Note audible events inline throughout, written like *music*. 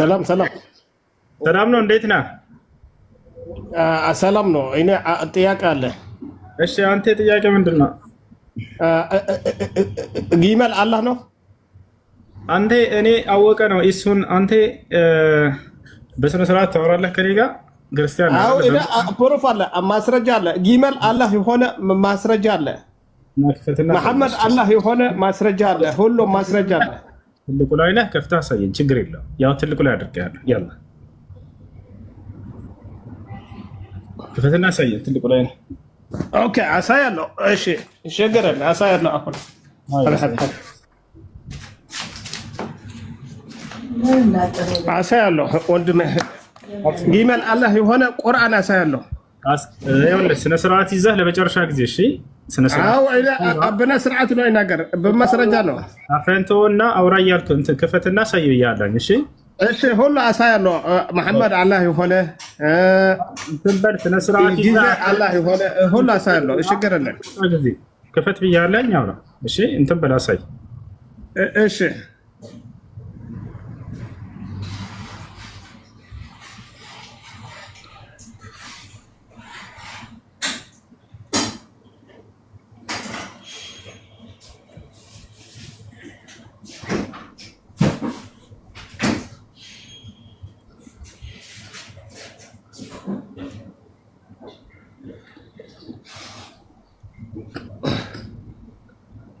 ሰላም ሰላም ሰላም ነው። እንዴት ነህ? ሰላም ነው። እኔ ጥያቄ አለ። እሺ፣ አንተ ጥያቄ ምንድን ነው? ጊመል አላህ ነው። አንተ እኔ አወቀ ነው እሱን አንተ በስነ ስርዓት ታወራለህ ከኔ ጋር ክርስቲያን ፕሩፍ አለ፣ ማስረጃ አለ። ጊመል አላህ የሆነ ማስረጃ አለ። መሐመድ አላህ የሆነ ማስረጃ አለ። ሁሉም ማስረጃ አለ። ትልቁ ላይ ነህ፣ ከፍተህ አሳየን። ችግር የለውም። ያው ትልቁ ላይ አድርጌሃለሁ። ያለ ክፈትና አሳየን። ትልቁ ላይ ነህ። ኦኬ፣ አሳያለሁ። እሺ፣ ይሸገራል። አሳያለሁ። አሁን አሳያለሁ። ወንድሜ ጊመል አላህ የሆነ ቁርአን አሳያለሁ። ስርዓት ይዘህ ለመጨረሻ ጊዜ እሺ በነ ስርዓት ነው ይናገር። በማስረጃ ነው አፈንቶ እና አውራ እያልኩ እንትን ክፈትና ሳየ እያለኝ እሺ፣ እሺ ሁሉ አሳያለሁ። መሐመድ አላህ የሆነ ትንበል ስነስርዓት አላህ የሆነ ሁሉ አሳያለሁ። እሺ፣ ገረለን ክፈት ብያለኝ። አውራ እሺ፣ እንትን በል አሳይ። እሺ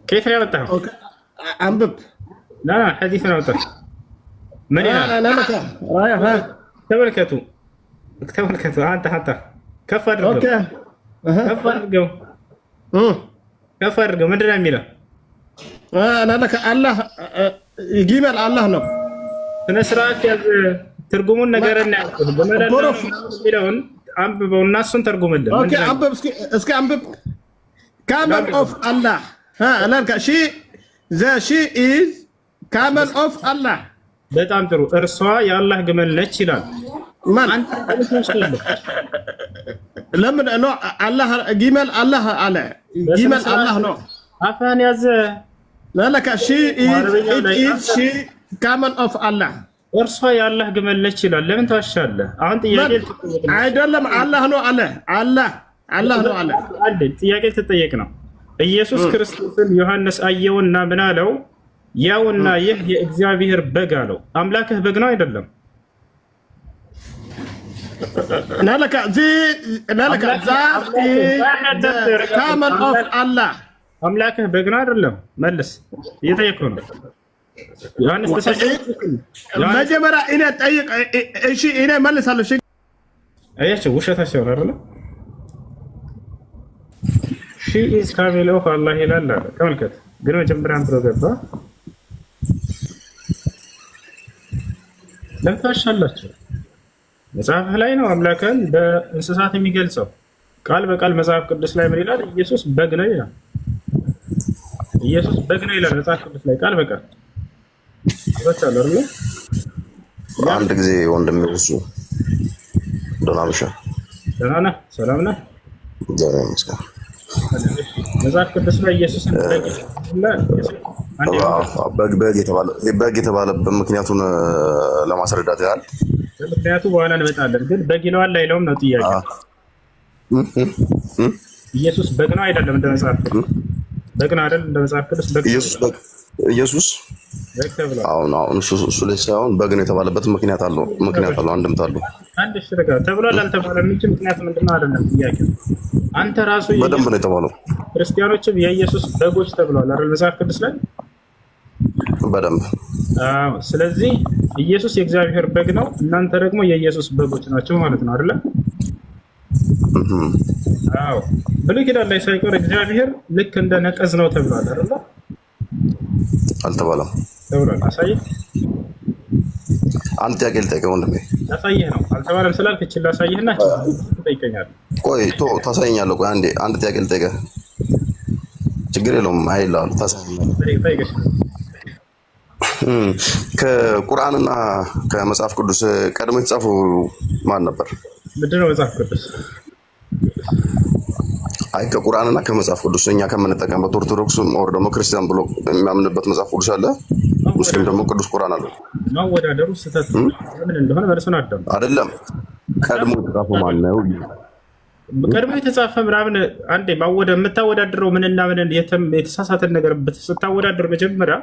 ከየት ነው ያመጣኸው? አንብብ። ሐዲስ ነው ያመጣሁት። ምን ይላል? ተመልከቱ ተመልከቱ። አንተ አንተ ከፍ አድርገው ከፍ አድርገው ከፍ አድርገው። ምንድን ነው የሚለው? አናለከ አላህ ጊመል አላህ ነው። ስነ ስርዓት ያዝ። ትርጉሙን ነገርና ያልኩህ የሚለውን አንብበው እና እሱን ተርጉምልን። ኦኬ አንብብ እስኪ አንብብ። ካመል ኦፍ አላህ ካመል ኦፍ አላህ በጣም ጥሩ። እርሷ የአላህ ግመል ነች ይላል። ለምን ነው አላህ ግመል አላህ አለ? ግመል አላህ ነው። አፋን ያዘ ለለከ ሺ ኢት ሺ ካመል ኦፍ አላህ እርሷ የአላህ ግመል ነች ይላል። ለምን ታሻለህ? አሁን ጥያቄ አይደለም አላህ ነው አለ። አላህ አላህ ነው አለ። ጥያቄ ትጠየቅ ነው ኢየሱስ ክርስቶስን ዮሐንስ አየውና ምን አለው? ያውና ይህ የእግዚአብሔር በግ አለው። አምላክህ በግ ነው አይደለም? አምላክህ በግ ነው አይደለም? መልስ፣ እየጠየኩ ነው። ዮሐንስ መጀመሪያ እኔ ጠይቅ፣ እሺ እኔ መልሳለሁ። አያቸው ውሸታቸው አይደለም ሺ ኢዝ ካሚል ኦፍ አላህ ይላል አለ። ተመልከት ግን መጀመሪያ አንድ ገባ ለምታሽ አላቸው መጽሐፍ ላይ ነው አምላክን በእንስሳት የሚገልጸው ቃል በቃል መጽሐፍ ቅዱስ ላይ ምን ይላል? ኢየሱስ በግ ነው ይላል። ኢየሱስ በግ ነው ይላል መጽሐፍ ቅዱስ ላይ ቃል በቃል አንድ ጊዜ ወንድም እሱ ደህና ነሽ? ደህና ነህ? ሰላም ነህ? መጽሐፍ ቅዱስ ላይ ኢየሱስን በግ የተባለበት ምክንያቱን ለማስረዳት ያህል ምክንያቱ በኋላ እንመጣለን። ግን በግ ይለዋል አይለውም ነው ጥያቄ። ኢየሱስ በግ ነው አይደለም? እንደ መጽሐፍ በቅን አይደል? እንደ መጽሐፍ ቅዱስ ኢየሱስ አሁን አሁን እሱ ላይ ሳይሆን በግ ነው የተባለበት ምክንያት አለው፣ ምክንያት አለው፣ አንድምታ አለው። አንድ እሺ ተብሏል አልተባለም እንጂ ምክንያት ምንድን ነው አይደለም ጥያቄው። አንተ ራሱ በደንብ ነው የተባለው። ክርስቲያኖችም የኢየሱስ በጎች ተብሏል አይደል? መጽሐፍ ቅዱስ ላይ በደንብ ስለዚህ ኢየሱስ የእግዚአብሔር በግ ነው፣ እናንተ ደግሞ የኢየሱስ በጎች ናቸው ማለት ነው አይደለም? አዎ ብሉይ ኪዳን ላይ ሳይቆር እግዚአብሔር ልክ እንደ ነቀዝ ነው ተብሏል አይደል? አልተባለም ተብሏል። አሳይ አንድ ጥያቄ ልጠይቅህ ወንድሜ። አሳየህ ነው አልተባለም ስላልክ እችል ላሳየህና ጠይቀኛል። ቆይ ቶ ታሳየኛለህ። ቆይ አንዴ አንድ ጥያቄ ልጠይቅህ። ችግር የለውም አይልሀል። ከቁርአንና ከመጽሐፍ ቅዱስ ቀድሞ የተጻፉ ማን ነበር? ምንድን ነው መጽሐፍ ቅዱስ? አይ ከቁርአንና ከመጽሐፍ ቅዱስ እኛ ከምንጠቀምበት ኦርቶዶክስ ኦር ደግሞ ክርስቲያን ብሎ የሚያምንበት መጽሐፍ ቅዱስ አለ። ሙስሊም ደግሞ ቅዱስ ቁርአን አለ። ማወዳደሩ ስህተት ምን እንደሆነ በእርሱን አዳም አይደለም ቀድሞ የተጻፈ ማነው? ቀድሞ የተጻፈ ምናምን አንዴ የምታወዳድረው ምንና ምን የተሳሳተን ነገር ስታወዳድር መጀመሪያ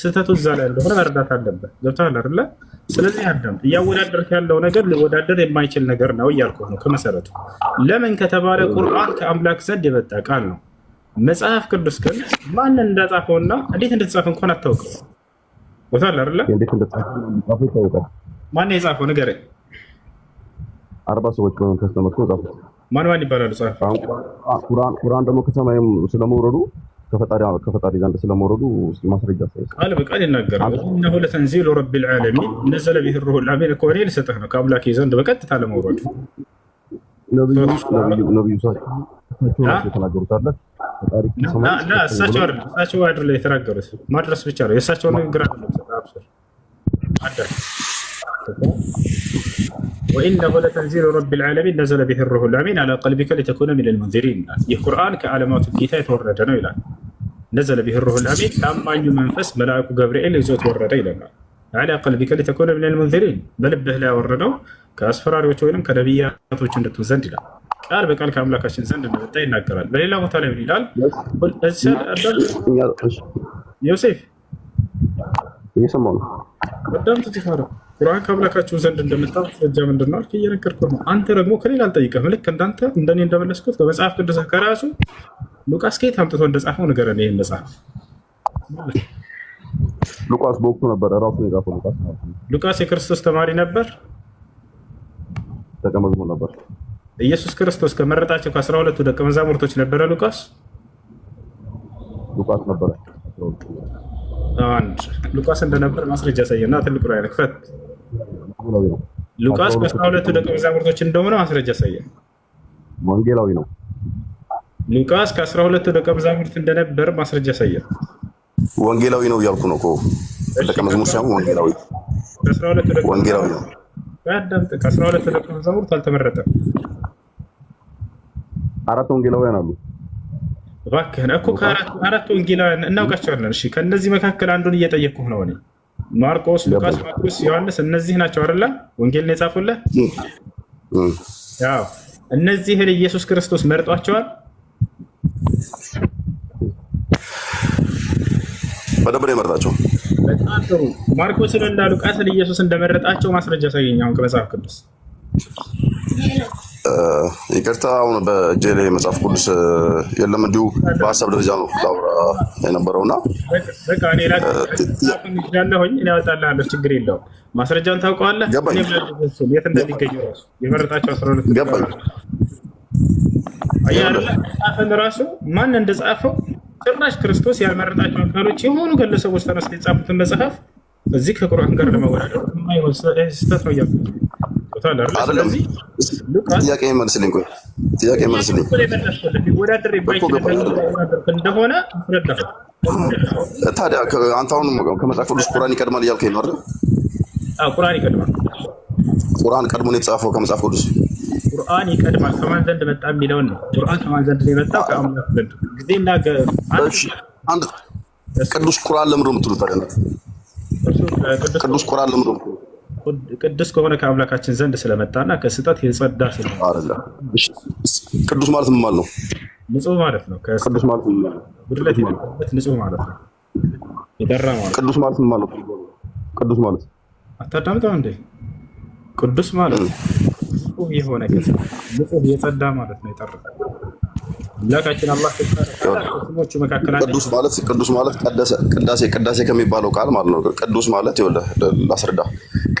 ስህተቱ እዛ ላይ እንደሆነ መረዳት አለበት። ገብቶሃል አይደለ? ስለዚህ አዳም እያወዳደርክ ያለው ነገር ሊወዳደር የማይችል ነገር ነው እያልኩህ ነው ከመሰረቱ። ለምን ከተባለ ቁርአን ከአምላክ ዘንድ የመጣ ቃል ነው። መጽሐፍ ቅዱስ ግን ማንን እንዳጻፈውና እንዴት እንደተጻፈ እንኳን አታውቅም። ገብቶሃል አይደለ? ማን የጻፈው ንገረኝ። አርባ ሰዎች ማን ማን ይባላሉ? ጻፍ ቁርአን ደግሞ ከሰማይም ስለመውረዱ ከፈጣሪ ዘንድ ስለመውረዱ ማስረጃ ቃል በቃል ይናገራል። እነሆ ለተንዚሉ ረቢል ዓለሚን ነዘለ ቢሂ ሩሑል አሚን እኮ እኔ ልሰጥህ ነው ከአምላኬ ዘንድ በቀጥታ ለመውረዱ ነቢዩ እሳቸው አይደለ የተናገሩት ማድረስ ብቻ ነው የእሳቸውን ንግግር ወኢነሁ ለተንዚሉ ረቢል ዓለሚን ነዘለ ቢሂ ሩሑል አሚን ዓላ ቀልቢከ ሊተኩነ ሚነል ሙንዚሪን ይህ ቁርአን ከዓለማቱ ጌታ የተወረደ ነው ይላል። ነዘለ ቢሂ ሩሑል አሚን ታማኙ መንፈስ መልአኩ ገብርኤል ይዞት ወረደ ይለናል። ዓላ ቀልቢከ ሊተኩነ ሚነል ሙንዚሪን በልብህ ላይ ያወረደው ከአስፈራሪዎች ወይም ከነቢያቶች እንድትሆን ዘንድ ይላል። ቃል በቃል ከአምላካችን ዘንድ እንደመጣ ይናገራል። በሌላ ቦታ ላይ ምን ይላል? ዮሴፍ እየሰማሁ ነው። ቁርአን ከአምላካችሁ ዘንድ እንደመጣ ማስረጃ ምንድን ነው አልክ፣ እየነገርኩህ ነው። አንተ ደግሞ ከሌላ አልጠይቅህም። ልክ እንዳንተ እንደኔ እንደመለስኩት በመጽሐፍ ቅዱስ ከራሱ ሉቃስ ከየት አምጥቶ እንደጻፈው ንገረን። ይህን መጽሐፍ ሉቃስ በወቅቱ ነበር ራሱ የጻፈው ሉቃስ ሉቃስ የክርስቶስ ተማሪ ነበር፣ ደቀ መዝሙር ነበር። ኢየሱስ ክርስቶስ ከመረጣቸው ከአስራ ሁለቱ ደቀ መዛሙርቶች ነበረ ሉቃስ ሉቃስ ነበረ። አንድ ሉቃስ እንደነበር ማስረጃ ያሳየና ትልቁ ላይ ክፈት ወንጌላዊ ነው። ሉቃስ በአስራ ሁለቱ ደቀ መዛሙርቶች እንደሆነ ማስረጃ ያሳያል። ወንጌላዊ ነው። ሉቃስ ከአስራ ሁለቱ ደቀ መዛሙርት እንደነበር ማስረጃ ያሳያል። ወንጌላዊ ነው እያልኩ ነው እኮ ደቀ መዝሙር ሳይሆን ወንጌላዊ ወንጌላዊ ነው። ከአስራ ሁለቱ ደቀ መዛሙርት አልተመረጠም። አራት ወንጌላውያን አሉ። እባክህን እኮ አራት ወንጌላውያን እናውቃቸዋለን። እሺ ከእነዚህ መካከል አንዱን እየጠየቅኩህ ነው እኔ ማርቆስ፣ ሉቃስ፣ ማርቆስ፣ ዮሐንስ እነዚህ ናቸው አይደለ? ወንጌልን የጻፉልህ እነዚህን ኢየሱስ ክርስቶስ መርጧቸዋል። በደንብ ነው የመረጣቸው። በጣም ጥሩ። ማርቆስን እና ሉቃስን ኢየሱስ እንደመረጣቸው ማስረጃ ሳይገኝ አሁን ከመጽሐፍ ቅዱስ ይቅርታ አሁን በእጄ ላይ መጽሐፍ ቅዱስ የለም። እንዲሁ በሀሳብ ደረጃ ነው ላውራ የነበረውና ያወጣልሃለሁ፣ ችግር የለውም። ማስረጃን ታውቀዋለህ። የት እንደሚገኝ ራሱ የመረጣቸው አስራ ሁለት ገባኝ። ጻፈን ራሱ ማን እንደጻፈው ጭራሽ ክርስቶስ ያልመረጣቸው አካሎች የሆኑ ግለሰቦች ተነስተው የጻፉትን መጽሐፍ እዚህ ከቁርአን ጋር ለመወዳደር የማይሆን ስህተት ነው እያሉ ጥያቄ አሁን ከመጽሐፍ ቅዱስ ቁርአን ይቀድማል እያልከኝ ነው አይደል? ቁርአን ይቀድማል። ቁርአን ቀድሞ ነው የተጻፈው ከመጽሐፍ ቅዱስ ቁርአን ይቀድማል። ከማን ዘንድ መጣ የሚለውን ነው። ቁርአን ከማን ዘንድ ነው የመጣው? ከአምላክ ዘንድ ጊዜና አንድ ቅዱስ ቁርአን ለምንድን የምትሉት ቅዱስ ቁርአን ቅዱስ ከሆነ ከአምላካችን ዘንድ ስለመጣና ከስጠት የጸዳ ቅዱስ ማለት ምን ማለት ነው? ንጹህ ማለት ነው። ቅዱስ ማለት ጉድለት የሌለበት ንጹህ ማለት ነው። የጠራ ማለት ቅዱስ ማለት ምን ማለት ነው? ቅዱስ ማለት አታዳምጠው እንዴ? ቅዱስ ማለት ንጹህ የሆነ ንጹህ የጸዳ ማለት ነው። የጠራ አምላካችን ቅዱስ ማለት ቅዱስ ማለት ቅዳሴ ቅዳሴ ከሚባለው ቃል ማለት ነው። ቅዱስ ማለት ይኸውልህ ላስረዳ።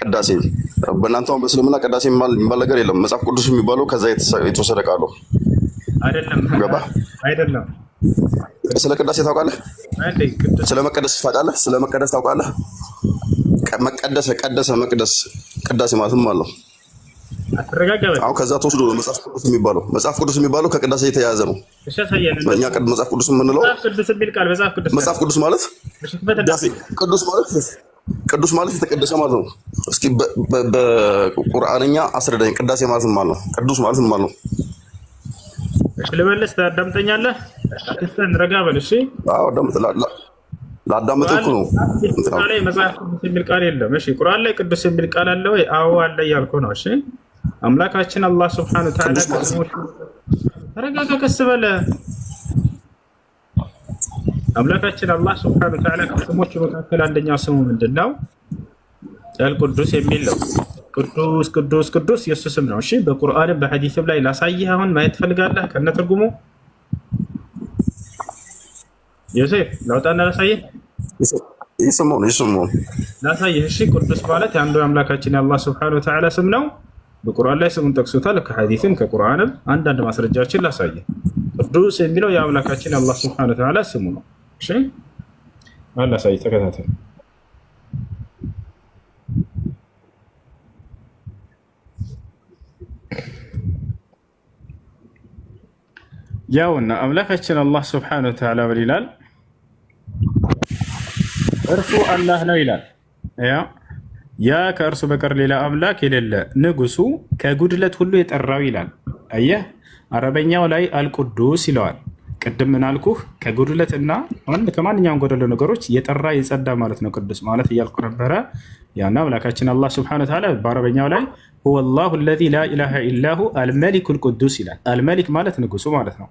ቅዳሴ በእናንተው በእስልምና ቅዳሴ የሚባል ነገር የለም። መጽሐፍ ቅዱስ የሚባለው ከዛ የተወሰደ ቃሉ አይደለም? ስለ ቅዳሴ ታውቃለህ? ስለ መቀደስ ታውቃለህ? ስለ መቀደስ ታውቃለህ? መቀደሰ ቀደሰ መቅደስ ቅዳሴ ማለትም አለው አሁን ከዛ ተወስዶ ነው መጽሐፍ ቅዱስ የሚባለው። መጽሐፍ ቅዱስ የሚባለው ከቅዳሴ የተያያዘ ነው። እኛ መጽሐፍ ቅዱስ የምንለው መጽሐፍ ቅዱስ ማለት ቅዱስ ማለት ቅዱስ ማለት የተቀደሰ ማለት ነው። እስኪ በቁርአንኛ አስረዳኝ፣ ቅዳሴ ማለት ማለት ነው። ቅዱስ ማለት ማለት ነው። እሺ ልመለስ፣ ታዳምጠኛለህ? ረጋ በል እሺ። አዎ አዳምጥ ላዳመጠ እኮ ነው። መጽሐፍ ቅዱስ የሚል ቃል የለም። እሺ ቁርአን ላይ ቅዱስ የሚል ቃል አለ ወይ? አዎ አለ እያልኩ ነው። እሺ አምላካችን አላህ ስብሐነ ወተዓላ ተረጋጋ፣ ቀስ በለ። አምላካችን አላህ ስብሐነ ወተዓላ ከስሞች መካከል አንደኛው ስሙ ምንድን ነው? ቅዱስ የሚል ነው። ቅዱስ ቅዱስ ቅዱስ የሱ ስም ነው። እሺ በቁርአንም በሐዲስም ላይ ላሳይህ። አሁን ማየት ትፈልጋለህ ከነ ትርጉሙ ዮሴፍ ለውጣና ላሳየህ የስሙን የስሙን ላሳየህ። እሺ ቅዱስ ማለት የአንዱ አምላካችን የአላህ ስብሐነ ወተዓላ ስም ነው። በቁርአን ላይ ስሙን ጠቅሶታል። ከሐዲትም ከቁርአንም አንዳንድ ማስረጃዎችን ላሳየ ቅዱስ የሚለው የአምላካችን የአላህ ስብሐነ ወተዓላ ስሙ ነው። እሺ አላሳየህ፣ ተከታተል ያውና አምላካችን አላህ ስብሐነ ወተዓላ ምን ይላል? እርሱ አላህ ነው ይላል። ያ ያ ከእርሱ በቀር ሌላ አምላክ የሌለ ንጉሱ ከጉድለት ሁሉ የጠራው ይላል። አየህ አረበኛው ላይ አልቁዱስ ይለዋል። ቅድም ምን አልኩህ? ከጉድለት እና ከማንኛውም ጎደሎ ነገሮች የጠራ የጸዳ ማለት ነው ቅዱስ ማለት እያልኩ ነበረ። ያና አምላካችን አላህ ስብሐነ ወተዓላ በአረበኛው ላይ ሁወ ላሁ ለዚ ላ ኢላሃ ኢላሁ አልመሊኩ ልቁዱስ ይላል። አልመሊክ ማለት ንጉሱ ማለት ነው።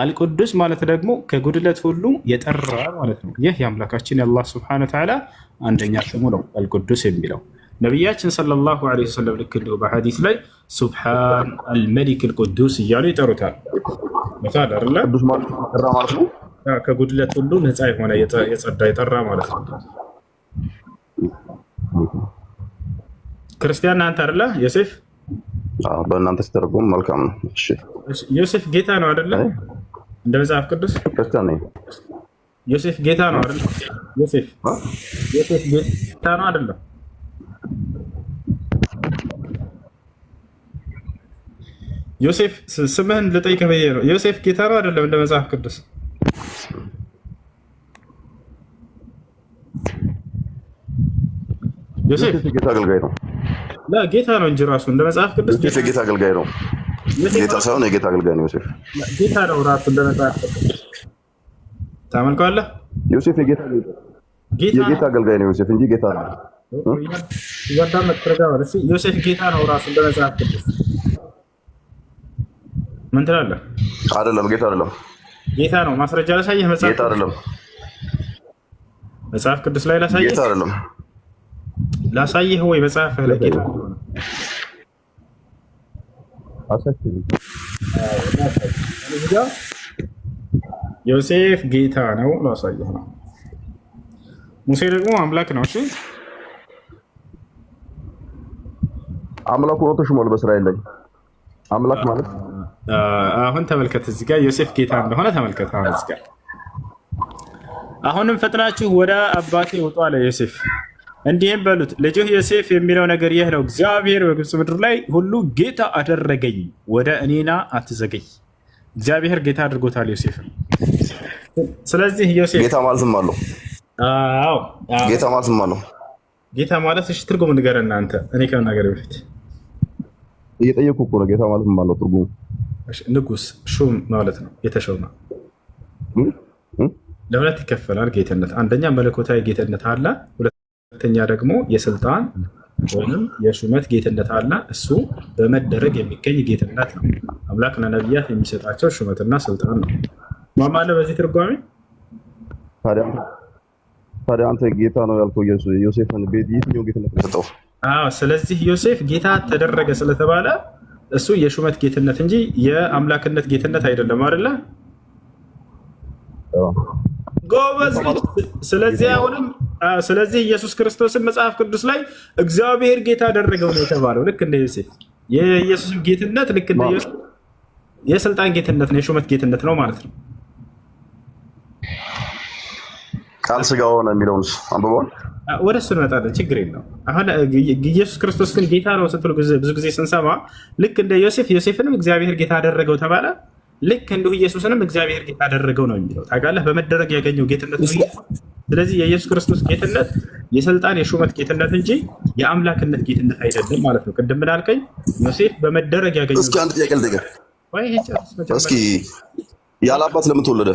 አልቅዱስ ማለት ደግሞ ከጉድለት ሁሉ የጠራ ማለት ነው። ይህ የአምላካችን የአላህ ስብሐነ ወተዓላ አንደኛ ስሙ ነው አልቅዱስ የሚለው ነቢያችን ሰለላሁ ዐለይሂ ወሰለም ልክ እንዲሁ በሐዲስ ላይ ሱብሓን አልመሊክ አልቅዱስ እያሉ ይጠሩታል። ከጉድለት ሁሉ ነፃ የሆነ የጸዳ የጠራ ማለት ነው። ክርስቲያን ናንተ አደለ ዮሴፍ? በእናንተ ሲተረጎም መልካም ነው። ዮሴፍ ጌታ ነው አደለ? እንደ መጽሐፍ ቅዱስ ክርስቲያን ነኝ። ዮሴፍ ጌታ ነው አይደል? ዮሴፍ ዮሴፍ ጌታ ነው አይደለም? ዮሴፍ ስምህን ልጠይቅህ ብዬ ነው። ዮሴፍ ጌታ ነው አይደለም? እንደ መጽሐፍ ቅዱስ ዮሴፍ ጌታ አገልጋይ ነው። ጌታ ነው እንጂ ራሱ እንደ መጽሐፍ ቅዱስ ጌታ አገልጋይ ነው። ጌታ ሳይሆን የጌታ አገልጋይ ነው ዮሴፍ። ጌታ ነው ራሱ እንደነጻ ታመልከዋለህ። ዮሴፍ የጌታ አገልጋይ ነው ዮሴፍ እንጂ ጌታ ነው። ዮሴፍ ጌታ ነው ራሱ እንደነጻ ምን ትላለህ? አይደለም ጌታ አይደለም። ጌታ ነው። ማስረጃ ላሳየህ። መጽሐፍ ጌታ አይደለም። መጽሐፍ ቅዱስ ላይ ላሳየህ። ጌታ አይደለም። ላሳየህ ወይ መጽሐፍ ላይ ጌታ ዮሴፍ ጌታ ነው ላሳየህ ነው። ሙሴ ደግሞ አምላክ ነው። እሺ አምላክ ሆኖ ተሾሟል በእስራኤል ላይ አምላክ ማለት አሁን ተመልከት፣ እዚህ ጋር ዮሴፍ ጌታ እንደሆነ ተመልከት። አሁን እዚህ ጋር አሁንም ፈጥናችሁ ወደ አባቴ ውጡ አለ ዮሴፍ እንዲህም በሉት ልጅህ ዮሴፍ የሚለው ነገር ይህ ነው። እግዚአብሔር በግብፅ ምድር ላይ ሁሉ ጌታ አደረገኝ፣ ወደ እኔና አትዘገይ። እግዚአብሔር ጌታ አድርጎታል ዮሴፍ። ስለዚህ ዮሴፍ ጌታ ማለትም አለው። ጌታ ማለትም አለው። ጌታ ማለት እሺ፣ ትርጉም ንገር እናንተ። እኔ ከመናገር በፊት እየጠየኩ እኮ ነው። ጌታ ማለት አለው ትርጉሙ ንጉስ፣ ሹም ማለት ነው። የተሾመ ለሁለት ይከፈላል ጌትነት። አንደኛ መለኮታዊ ጌትነት አለ ሁለተኛ ደግሞ የስልጣን ወይም የሹመት ጌትነት አለ። እሱ በመደረግ የሚገኝ ጌትነት ነው። አምላክ ለነቢያት የሚሰጣቸው ሹመትና ስልጣን ነው። ማማለ በዚህ ትርጓሜ ታዲያ አንተ ጌታ ነው ያልከው ዮሴፍን ቤት የትኛው ጌትነት ሰጠው? ስለዚህ ዮሴፍ ጌታ ተደረገ ስለተባለ እሱ የሹመት ጌትነት እንጂ የአምላክነት ጌትነት አይደለም አይደለ? ጎበዝ ስለዚህ አሁንም ስለዚህ ኢየሱስ ክርስቶስን መጽሐፍ ቅዱስ ላይ እግዚአብሔር ጌታ አደረገው ነው የተባለው። ልክ እንደ ዮሴፍ የኢየሱስ ጌትነት ልክ እንደ ዮሴፍ የስልጣን ጌትነት ነው፣ የሹመት ጌትነት ነው ማለት ነው። ቃል ስጋ ሆነ የሚለውን አንብበን ወደ እሱ እንመጣለን። ችግር የለውም። አሁን ኢየሱስ ክርስቶስ ግን ጌታ ነው ስትሉ ብዙ ጊዜ ስንሰማ ልክ እንደ ዮሴፍ ዮሴፍንም እግዚአብሔር ጌታ አደረገው ተባለ። ልክ እንዲሁ ኢየሱስንም እግዚአብሔር ጌታ አደረገው ነው የሚለው ታውቃለህ። በመደረግ ያገኘው ጌትነት ነው። ስለዚህ የኢየሱስ ክርስቶስ ጌትነት የስልጣን የሹመት ጌትነት እንጂ የአምላክነት ጌትነት አይደለም ማለት ነው። ቅድም ምናልከኝ ዮሴፍ በመደረግ ያገኘው እስኪ አንድ ጥያቄ ልጠይቅህ። እስኪ ያለ አባት ለምን ተወለደ?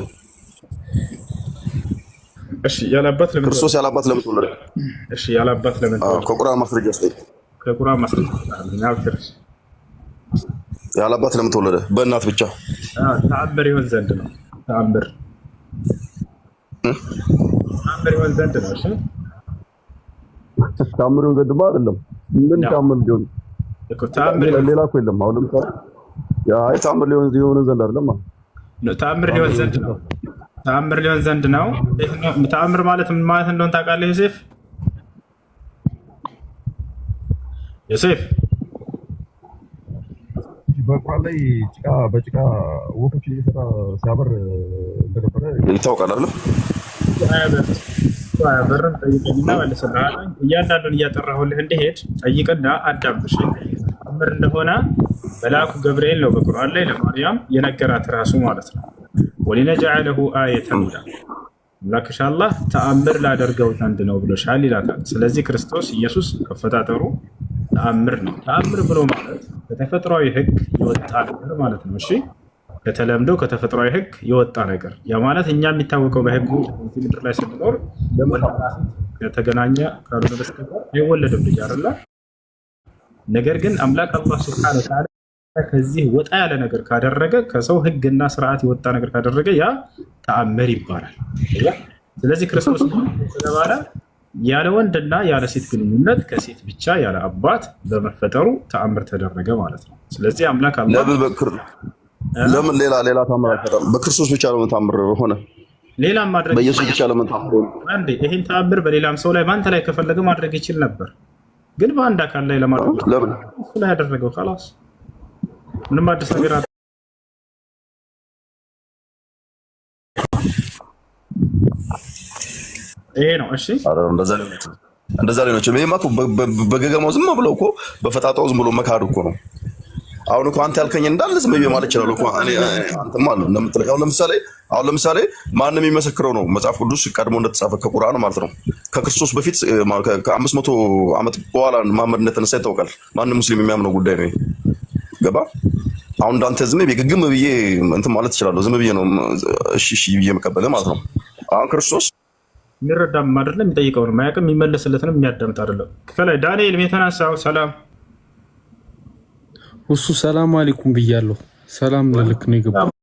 እሺ ያለ አባት ለምን ክርስቶስ ያለ አባት ለምን ተወለደ? እሺ ያለ አባት ለምን ተወለደ? ከቁርአን ማስረጃ ስጠይቅ ከቁርአን ማስረጃ ያላባት ለምን ተወለደ? በእናት ብቻ ተአምር ይሆን ዘንድ ነው። ተአምር ተአምር ይሆን ዘንድ ነው። እሺ ተአምር ይሆን ዘንድ አይደለም። ምን ታምር ሊሆን እኮ ሌላ እኮ የለም። አሁን ለምሳሌ ያ ተአምር ሊሆን ሊሆን ዘንድ አይደለም። ታምር ሊሆን ዘንድ ነው። ታምር ሊሆን ዘንድ ነው። ታምር ማለት ምን ማለት እንደሆነ ታውቃለህ ዮሴፍ? ዮሴፍ ልጅ በቁራን ላይ ጭቃ በጭቃ ወፎች እየሰራ ሲያበር እንደነበረ ይታወቃል አለ በርን ጠይቀኝና መልስልሃል። እያንዳንዱን እያጠራሁልህ እንዲሄድ ጠይቅና አዳምሽ አምር እንደሆነ መልአኩ ገብርኤል ነው በቁርአን ላይ ለማርያም የነገራት ራሱ ማለት ነው። ወሊነጃለሁ አየተን ይላል አምላክ ኢንሻአላህ ተአምር ላደርገው ዘንድ ነው ብሎሻል ይላታል። ስለዚህ ክርስቶስ ኢየሱስ አፈጣጠሩ ተአምር ነው። ተአምር ብሎ ማለት ከተፈጥሯዊ ህግ የወጣ ነገር ማለት ነው። እሺ ከተለምዶ ከተፈጥሯዊ ህግ የወጣ ነገር ያ ማለት እኛ የሚታወቀው በህጉ ምድር ላይ ስንኖር ከተገናኘ ካልሆነ በስተቀር አይወለድም ልጅ አይደለ። ነገር ግን አምላክ አላህ ስብሐነ ወተዓላ ከዚህ ወጣ ያለ ነገር ካደረገ ከሰው ህግና ስርዓት የወጣ ነገር ካደረገ ያ ተአምር ይባላል። ስለዚህ ክርስቶስ ስለባለ ያለ ወንድና ያለ ሴት ግንኙነት ከሴት ብቻ ያለ አባት በመፈጠሩ ተአምር ተደረገ ማለት ነው። ስለዚህ አምላክ ለምን ሌላ ሌላ ታምር አይፈጠርም? በክርስቶስ ብቻ ለምን ታምር ሆነ? ሌላም ማድረግ በኢየሱስ ብቻ ለምን ታምር ሆነ? አንዴ ተአምር በሌላም ሰው ላይ በአንተ ላይ ከፈለገ ማድረግ ይችል ነበር፣ ግን በአንድ አካል ላይ ለማድረግ ለምን ላይ ያደረገው? ካላስ ምንም አዲስ ነገር ይሄ ነው። እሺ እንደዛ ላይ ናቸው። ይሄማ እኮ በገገማው ዝም ብሎ እኮ በፈጣጣው ዝም ብሎ መካድ እኮ ነው። አሁን እኮ አንተ ያልከኝ እንዳለ ዝም ብዬ ማለት ይችላል እኮ እኔ አንተማ ነው እንደምትለኝ። አሁን ለምሳሌ አሁን ለምሳሌ ማንም የሚመሰክረው ነው መጽሐፍ ቅዱስ ቀድሞ እንደተጻፈ ከቁርአን ማለት ነው ከክርስቶስ በፊት ከአምስት መቶ ዓመት በኋላ መሐመድ እንደተነሳ ይታወቃል። ማንም ሙስሊም የሚያምነው ጉዳይ ነው። ገባ አሁን እንዳንተ ዝም ብዬ ግግም ብዬ እንትን ማለት ይችላለሁ። ዝም ብዬ ነው እሺ እሺ ብዬ መቀበል ማለት ነው አሁን ክርስቶስ የሚረዳም አይደለም የሚጠይቀው ነው የሚመለስለት የሚመለስለትንም የሚያዳምጥ አይደለም። ከላይ ዳንኤል የተነሳው ሰላም እሱ ሰላም አሌኩም ብያለሁ። ሰላም ልክ ነው የገባው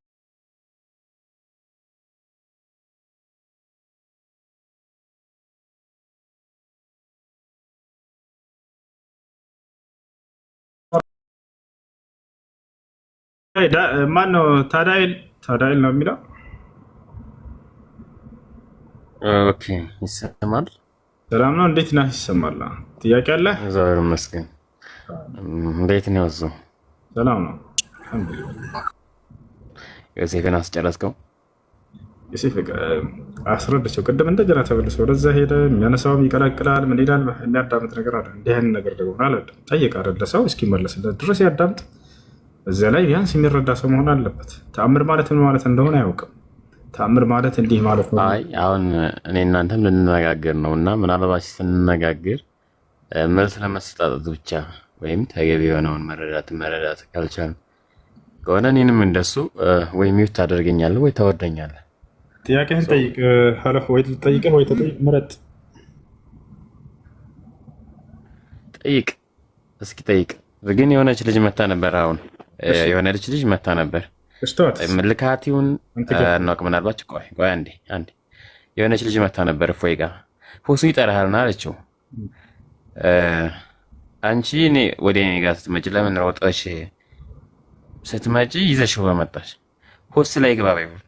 ማን ነው? ታዳይል ታዳይል ነው የሚለው ኦኬ ይሰማል። ሰላም ነው። እንዴት ነህ? ይሰማል። ጥያቄ አለ? እግዚአብሔር ይመስገን። እንዴት ነው? እዚሁ ሰላም ነው። ዮሴፍን አስጨረስከው? ዮሴፍ አስረድቸው። ቅድም እንደገና ተመልሶ ወደዛ ሄደ። የሚያነሳውም ይቀላቅላል። ምን ይላል? የሚያዳምጥ ነገር አለ። እንዲህ አይነት ነገር ደግሞ አለ። ጠይቅ አደለ ሰው እስኪመለስለት ድረስ ያዳምጥ። እዚያ ላይ ቢያንስ የሚረዳ ሰው መሆን አለበት። ተአምር ማለት ምን ማለት እንደሆነ አያውቅም። ታምር ማለት እንዲህ ማለት ነው። አይ አሁን እኔ እናንተም ልንነጋገር ነው እና ምናልባት ስንነጋገር መልስ ለመሰጣጠት ብቻ ወይም ተገቢ የሆነውን መረዳት መረዳት ካልቻል ከሆነ እኔንም እንደሱ ወይ ሚዩት ታደርገኛለህ ወይ ታወርደኛለህ። ጥያቄህን ጠይቅ ወይ ልጠይቅህ ወይ ተጠይቅ፣ ምረጥ። ጠይቅ እስኪ ጠይቅ። ግን የሆነች ልጅ መታ ነበር። አሁን የሆነ ልጅ ልጅ መታ ነበር ምልካት ይሁን እናውቅ። ምናልባቸው ቆይ ቆይ አንዴ አንዴ የሆነች ልጅ መታ ነበር እፎይ ጋ ሁሱ ይጠራሃል አለችው። አንቺ እኔ ወደ እኔ ጋር ስትመጪ ለምን ሮጠሽ ስትመጪ ይዘሽው በመጣሽ ሆስ ላይ ግባ ባይሆን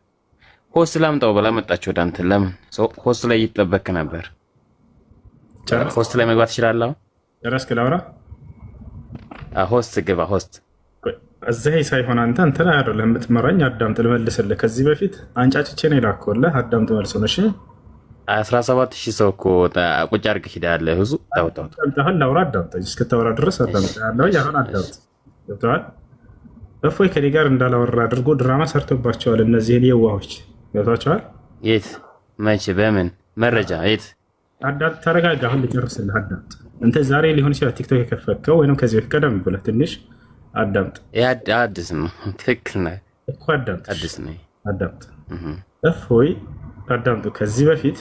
ሆስ ላምጣው ብላ መጣች ወደ አንተ። ለምን ሆስ ላይ ይጠበቅ ነበር? ሆስት ላይ መግባት ይችላል። አሁን ጨረስክ? ላውራ ሆስት ግባ ሆስት እዚህ ሳይሆን አንተ አንተ ላይ አይደለም የምትመራኝ፣ አዳምጥ ልመልስልህ። ከዚህ በፊት አንጫጭቼ ነው የላከውልህ፣ አዳምጥ መልሱን። እሺ 17 ሺህ ሰው እኮ ቁጭ አድርገህ ሂዳለ ብዙ አዳምጠሃል። ላውራ አዳምጠ እስክታወራ ድረስ አዳምጠ ያለው ያሁን አዳምጥ ገብተዋል። እፎይ ከኔ ጋር እንዳላወራ አድርጎ ድራማ ሰርቶባቸዋል። እነዚህን የዋዎች ገብቷቸዋል። የት መቼ በምን መረጃ የት አዳምጥ። ተረጋጋ፣ አሁን ልጨርስልህ። አዳምጥ። እንተ ዛሬ ሊሆን ይችላል ቲክቶክ የከፈከው ወይም ከዚህ በፊት ቀደም ብለህ ትንሽ አዳምጥ። አዲስ ነው። ትክክል ነህ እኮ አዳምጥ። አዲስ አዳምጥ። እፎይ አዳምጡ። ከዚህ በፊት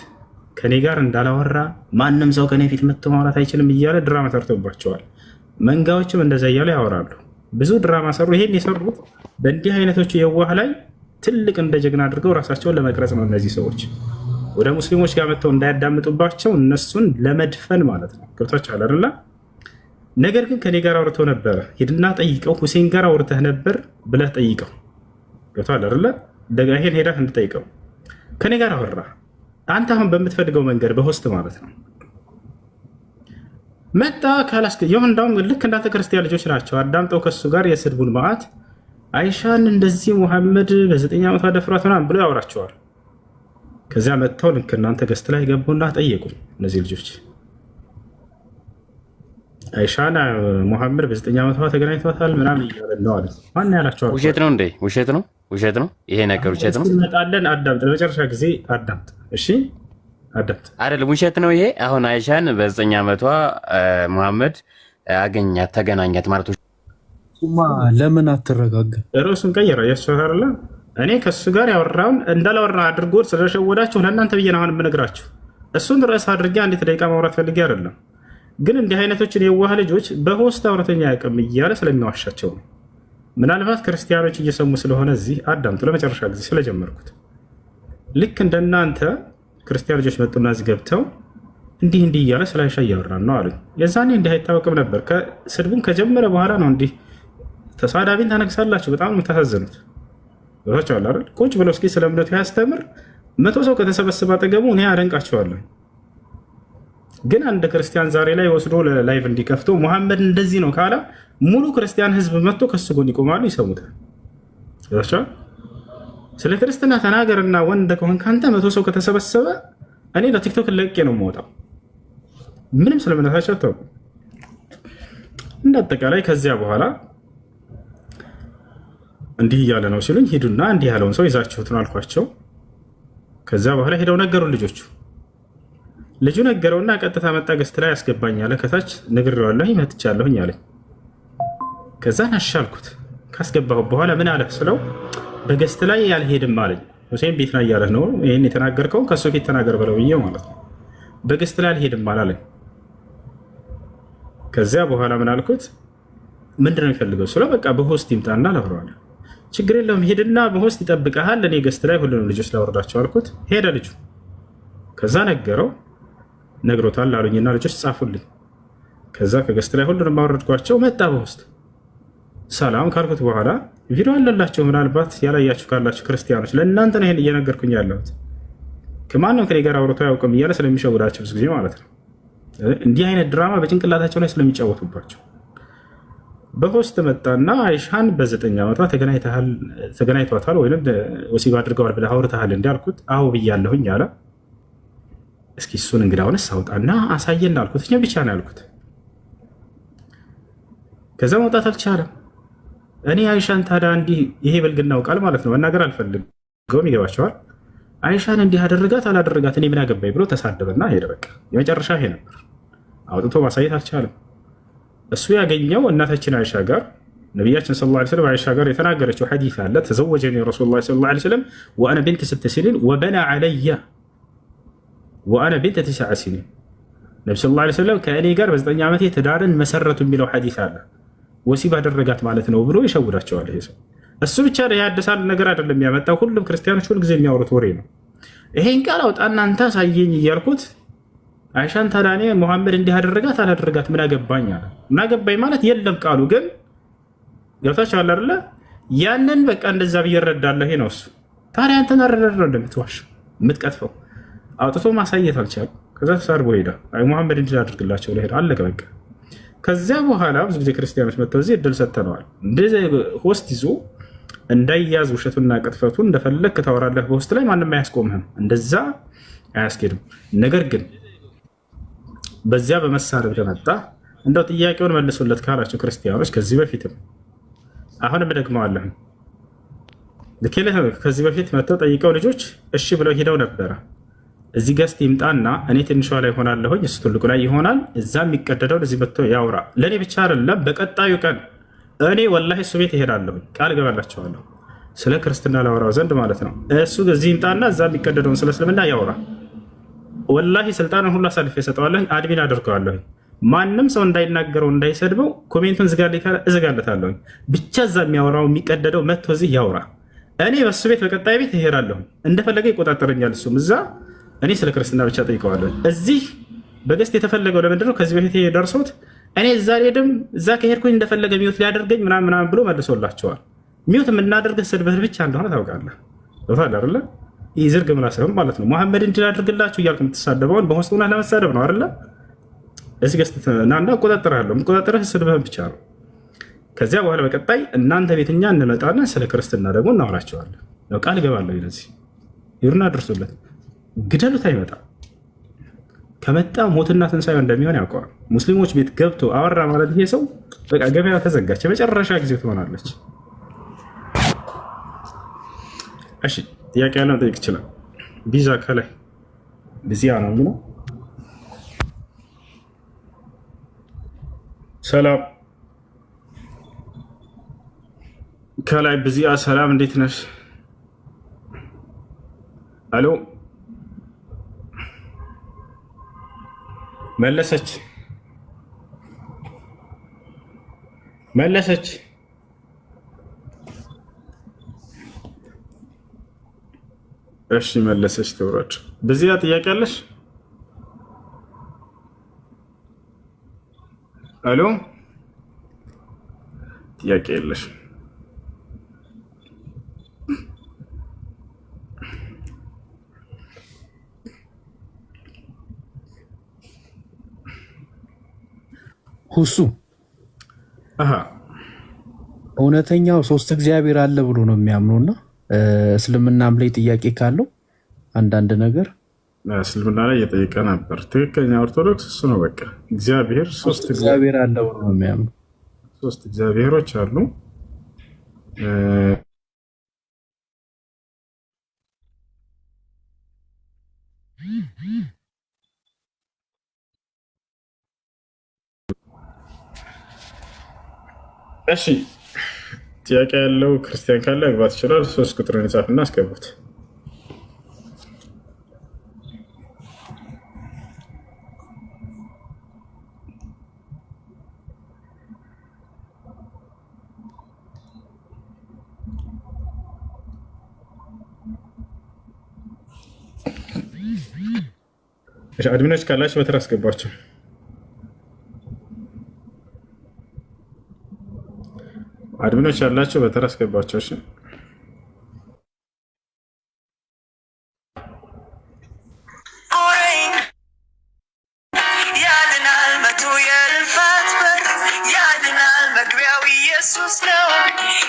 ከኔ ጋር እንዳላወራ ማንም ሰው ከኔ ፊት መጥቶ ማውራት አይችልም እያለ ድራማ ሰርቶባቸዋል። መንጋዎችም እንደዛ እያሉ ያወራሉ። ብዙ ድራማ ሰሩ። ይሄን የሰሩት በእንዲህ አይነቶቹ የዋህ ላይ ትልቅ እንደ ጀግና አድርገው ራሳቸውን ለመቅረጽ ነው። እነዚህ ሰዎች ወደ ሙስሊሞች ጋር መጥተው እንዳያዳምጡባቸው እነሱን ለመድፈን ማለት ነው። ገብቶች አለ ነገር ግን ከኔ ጋር አውርተው ነበረ፣ ሂድና ጠይቀው። ሁሴን ጋር አውርተህ ነበር ብለህ ጠይቀው። ገብቶሃል አይደለ? ይሄን ሄዳህ እንድጠይቀው ከኔ ጋር አወራ። አንተ አሁን በምትፈልገው መንገድ በሆስት ማለት ነው መጣ ካላስ ይሁን። እንዳውም ልክ እንዳንተ ክርስቲያን ልጆች ናቸው። አዳምጠው ከሱ ጋር የስድቡን መዓት አይሻን እንደዚህ ሙሐመድ በዘጠኝ ዓመቷ ደፍሯት ምናምን ብሎ ያወራቸዋል። ከዚያ መጥተው ልክ እናንተ ገስት ላይ ገቡና ጠየቁ እነዚህ ልጆች አይሻና ሙሐመድ በዘጠኝ ዓመቷ ተገናኝቷታል ምናምን እያለን ነው አለ። ማነው ያላቸው? ውሸት ነው እንዴ? ውሸት ነው፣ ውሸት ነው። ይሄ ነገር ውሸት ነው። እንመጣለን። አዳምጥ፣ ለመጨረሻ ጊዜ አዳምጥ። እሺ፣ አዳምጥ። አይደለም ውሸት ነው ይሄ። አሁን አይሻን በዘጠኝ ዓመቷ ሙሐመድ አገኛት፣ ተገናኛት ማለት ማ ለምን አትረጋጋ? ርዕሱን ቀይረ ያስፈራላ። እኔ ከእሱ ጋር ያወራውን እንዳላወራ አድርጎ ስለሸወዳችሁ ለእናንተ ብዬ ነው አሁን የምነግራችሁ። እሱን ርዕስ አድርጌ አንዲት ደቂቃ ማውራት ፈልጌ አይደለም ግን እንዲህ አይነቶችን የዋህ ልጆች በሆስት አውረተኛ ያቅም እያለ ስለሚዋሻቸው ነው። ምናልባት ክርስቲያኖች እየሰሙ ስለሆነ እዚህ አዳምጡ። ለመጨረሻ ጊዜ ስለጀመርኩት ልክ እንደናንተ ክርስቲያን ልጆች መጡና እዚህ ገብተው እንዲህ እንዲህ እያለ ስለ አይሻ እያወራን ነው አሉኝ። የዛኔ እንዲህ አይታወቅም ነበር። ስድቡን ከጀመረ በኋላ ነው እንዲህ ተሳዳቢን ታነግሳላችሁ። በጣም የምታሳዝኑት ቻ ቁጭ ብሎ እስኪ ስለ እምነቱ ያስተምር መቶ ሰው ከተሰበሰበ አጠገቡ እኔ አደንቃቸዋለሁ። ግን አንድ ክርስቲያን ዛሬ ላይ ወስዶ ለላይቭ እንዲከፍተው ሙሐመድ እንደዚህ ነው ካለ ሙሉ ክርስቲያን ህዝብ መጥቶ ከሱ ጎን ይቆማሉ፣ ይሰሙታል። ስለ ክርስትና ተናገርና ወንድ ከሆን ከአንተ መቶ ሰው ከተሰበሰበ እኔ ለቲክቶክ ለቄ ነው የምወጣው። ምንም ስለምነታቸው እምነታቸው እንደ አጠቃላይ ከዚያ በኋላ እንዲህ እያለ ነው ሲሉኝ ሂዱና እንዲህ ያለውን ሰው ይዛችሁት ነው አልኳቸው። ከዚያ በኋላ ሄደው ነገሩ ልጆቹ ልጁ ነገረውና ቀጥታ መጣ። ገስት ላይ አስገባኝ አለ። ከታች ነግሬዋለሁ መጥቻለሁኝ አለኝ። ከዛን አሻልኩት። ካስገባሁ በኋላ ምን አለ ስለው በገስት ላይ ያልሄድም አለኝ። ሁሴን ቤት ላይ ያለህ ነው ይህን የተናገርከው ከሱ ፊት ተናገር በለው ብዬ ማለት ነው። በገስት ላይ አልሄድም አላለኝ። ከዚያ በኋላ ምን አልኩት፣ ምንድን ነው የሚፈልገው ስለው በቃ በሆስት ይምጣና ለብረዋለ ችግር የለውም ሄድና በሆስት ይጠብቀሃል፣ እኔ ገስት ላይ ሁሉንም ልጆች ላወርዳቸው አልኩት። ሄደ ልጁ። ከዛ ነገረው ነግሮታል አሉኝና ልጆች ጻፉልኝ። ከዛ ከገስት ላይ ሁሉንም አወረድኳቸው። መጣ በውስጥ ሰላም ካልኩት በኋላ ቪዲዮ አለላቸው። ምናልባት ያላያችሁ ካላችሁ ክርስቲያኖች ለእናንተ ነው ይሄን እየነገርኩኝ ያለሁት። ከማንም ከኔ ጋር አውርቶ አያውቅም እያለ ስለሚሸውዳቸው ብዙ ጊዜ ማለት ነው እንዲህ አይነት ድራማ በጭንቅላታቸው ላይ ስለሚጫወቱባቸው በሆስት መጣና አይሻን በዘጠኝ ዓመቷ ተገናኝተዋታል ወይም ወሲብ አድርገዋል ብለህ አውርተሃል እንዲህ አሁ ብያለሁኝ አለ እስኪ እሱን እንግዲህ አሁንስ አውጣና አሳየን አልኩት። እኛ ብቻ ነው ያልኩት። ከዛ ማውጣት አልቻለም። እኔ አይሻን ታዲያ እንዲህ ይሄ ብልግናው ቃል ማለት ነው መናገር አልፈልገውም፣ ይገባቸዋል። አይሻን እንዲህ አደረጋት አላደረጋት እኔ ምን አገባኝ ብሎ ተሳደበና ሄደ። በቃ የመጨረሻ ይሄ ነበር። አውጥቶ ማሳየት አልቻለም። እሱ ያገኘው እናታችን አይሻ ጋር ነቢያችን ስለ ላ ስለም አይሻ ጋር የተናገረችው ሐዲስ አለ ተዘወጀኒ ረሱሉ ላ ስለ ላ ስለም ወአነ ቢንት ስት ሲኒን ወበና አለያ ወአነ ቢንተ ቲስዓ ሲኒን ነቢ ስለ ላ ስለም ከእኔ ጋር በዘጠኝ ዓመቴ ትዳርን መሰረቱ የሚለው ሐዲስ አለ። ወሲብ አደረጋት ማለት ነው ብሎ ይሸውዳቸዋል። ይሄ ሰው እሱ ብቻ የአዲስ ነገር አይደለም ያመጣው። ሁሉም ክርስቲያኖች ሁልጊዜ የሚያወሩት ወሬ ነው። ይሄን ቃል አውጣ እናንተ አሳየኝ እያልኩት አይሻን ታዳኔ ሙሐመድ እንዲህ አደረጋት አላደረጋት ምን አገባኝ አለ። ምን አገባኝ ማለት የለም ቃሉ ግን ገብታችኋል አይደለ? ያንን በቃ እንደዛ ብዬ እረዳለሁ። ይሄ ነው እሱ። ታዲያ አንተን ረዳረ እንደምትዋሽ የምትቀጥፈው አውጥቶ ማሳየት አልቻለም። ከዛ ተሳርቦ ሄዳል። አይ ሙሐመድ እንዲል አድርግላቸው ላይ ሄዳ አለቀ በቃ። ከዚያ በኋላ ብዙ ጊዜ ክርስቲያኖች መጥተው እዚህ እድል ሰጥተነዋል። እንደዚህ ሆስት ይዞ እንዳያዝ ውሸቱና ቅጥፈቱ እንደፈለግ ታወራለህ በውስጥ ላይ ማንም አያስቆምህም። እንደዛ አያስኬድም። ነገር ግን በዚያ በመሳረብ ከመጣ እንደው ጥያቄውን መልሱለት ካላቸው ክርስቲያኖች ከዚህ በፊትም አሁንም እደግመዋለሁ ልኬልህ ከዚህ በፊት መጥተው ጠይቀው ልጆች እሺ ብለው ሄደው ነበረ እዚህ ገስት ይምጣና እኔ ትንሿ ላይ ሆናለሁኝ፣ እሱ ትልቁ ላይ ይሆናል። እዛ የሚቀደደው እዚህ መጥቶ ያውራ። ለእኔ ብቻ አይደለም፣ በቀጣዩ ቀን እኔ ወላሂ እሱ ቤት ይሄዳለሁኝ፣ ቃል ገባላቸዋለሁ፣ ስለ ክርስትና ላውራው ዘንድ ማለት ነው። እሱ እዚህ ይምጣና እዛ የሚቀደደውን ስለ እስልምና ያውራ። ወላሂ ስልጣንን ሁሉ አሳልፌ እሰጠዋለሁኝ፣ አድሚን አድርገዋለሁኝ። ማንም ሰው እንዳይናገረው እንዳይሰድበው፣ ኮሜንቱን እዝጋለታለሁኝ። ብቻ እዛ የሚያወራው የሚቀደደው መጥቶ እዚህ ያውራ። እኔ በሱ ቤት በቀጣይ ቤት ይሄዳለሁኝ፣ እንደፈለገ ይቆጣጠረኛል። እሱም እዛ እኔ ስለ ክርስትና ብቻ ጠይቀዋለሁ። እዚህ በገስት የተፈለገው ለምንድን ነው? ከዚህ በፊት ደርሶት እኔ እዛ ሄድም እዛ ከሄድኩኝ እንደፈለገ ሚውት ሊያደርገኝ ምናምን ምናምን ብሎ መልሶላቸዋል። ሚውት የምናደርግህ ስድብህ ብቻ እንደሆነ ታውቃለህ። ታለ ይህ ዝርግ ምላስህም ማለት ነው። መሐመድ እንድናደርግላችሁ እያልኩ የምትሳደበውን በውስጥ ና ለመሳደብ ነው አለ እዚህ ገስት ናና እቆጣጠርሃለሁ። የምቆጣጠርህ ስድብህን ብቻ ነው። ከዚያ በኋላ በቀጣይ እናንተ ቤትኛ እንመጣና ስለ ክርስትና ደግሞ እናወራቸዋለን። ቃል እገባለሁ። ለዚህ ይሩና ደርሱለት ግደሉት አይመጣም። ከመጣ ሞትና ትንሳኤ እንደሚሆን ያውቀዋል። ሙስሊሞች ቤት ገብቶ አወራ ማለት ይሄ ሰው በቃ ገበያ ተዘጋች፣ የመጨረሻ ጊዜ ትሆናለች። እሺ ጥያቄ ያለው ጠይቅ ይችላል። ቢዛ ከላይ ብዚያ ነው የሚለው ሰላም ከላይ ብዚያ ሰላም፣ እንዴት ነሽ? አሎ መለሰች መለሰች እሺ መለሰች ትውረድ በዚያ ጥያቄ አለሽ አሎ ጥያቄ የለሽም ሁሱ እውነተኛው ሶስት እግዚአብሔር አለ ብሎ ነው እና እስልምናም ላይ ጥያቄ ካለው አንዳንድ ነገር እስልምና ላይ እየጠየቀ ነበር። ትክክለኛ ኦርቶዶክስ እሱ ነው። በቃ እግዚአብሔር ሶስት እግዚአብሔር አለ ብሎ ነው የሚያምኑ ሶስት እግዚአብሔሮች አሉ። እሺ ጥያቄ ያለው ክርስቲያን ካለ አግባት ይችላል። ሶስት ቁጥርን ጻፍና አስገቡት። አድሚኖች ካላችሁ በተራ አስገባቸው። አድሚኖች ያላቸው በተራ አስገባቸው። እሺ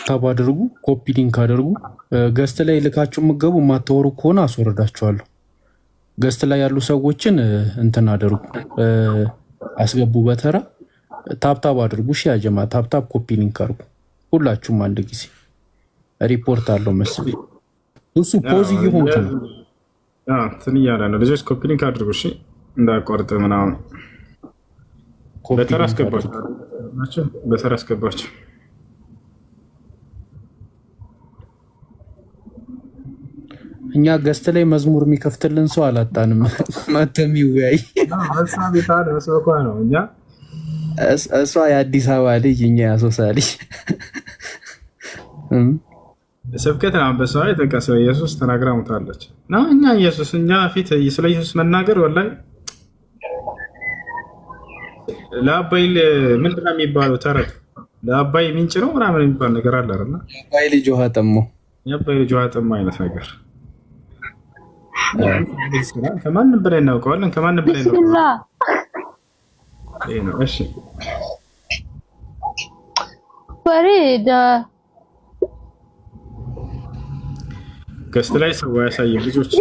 ታብ አድርጉ፣ ኮፒ ሊንክ አድርጉ። ገስት ላይ ልካችሁ የምትገቡ የማታወሩ ከሆነ አስወርዳችኋለሁ። ገስት ላይ ያሉ ሰዎችን እንትን አድርጉ፣ አስገቡ በተራ ታብታብ አድርጉ። እሺ ያጀማ ታብታብ ኮፒ ሊንክ አድርጉ። ሁላችሁም አንድ ጊዜ ሪፖርት አለው መስል እሱ ፖዝ እየሆንክ ነው እንትን እያለ ነው። ልጆች ኮፒ ሊንክ አድርጉ እሺ፣ እንዳያቋርጥ ምናምን። በተራ አስገባቸው፣ በተራ አስገባቸው። እኛ ገስት ላይ መዝሙር የሚከፍትልን ሰው አላጣንም። ማተሚወያይ *laughs* ነው እኛ እሷ የአዲስ አበባ ልጅ እኛ ያሶሳ ልጅ ስብከት ና በሰ የተቀ ስለ ኢየሱስ ተናግራ ሙታለች እና እኛ ኢየሱስ እኛ ፊት ስለ ኢየሱስ መናገር ወላሂ ለአባይ ምንድን ነው የሚባለው ተረት ለአባይ ምንጭ ነው ምናምን የሚባል ነገር አለ አይደል? የአባይ ልጅ ውሃ ጠሞ የአባይ ልጅ ውሃ ጠሞ አይነት ነገር ከማንም በላይ እናውቀዋለን። ከማንም በላይ ወሬ ገስት ላይ ሰው አያሳይም ልጆች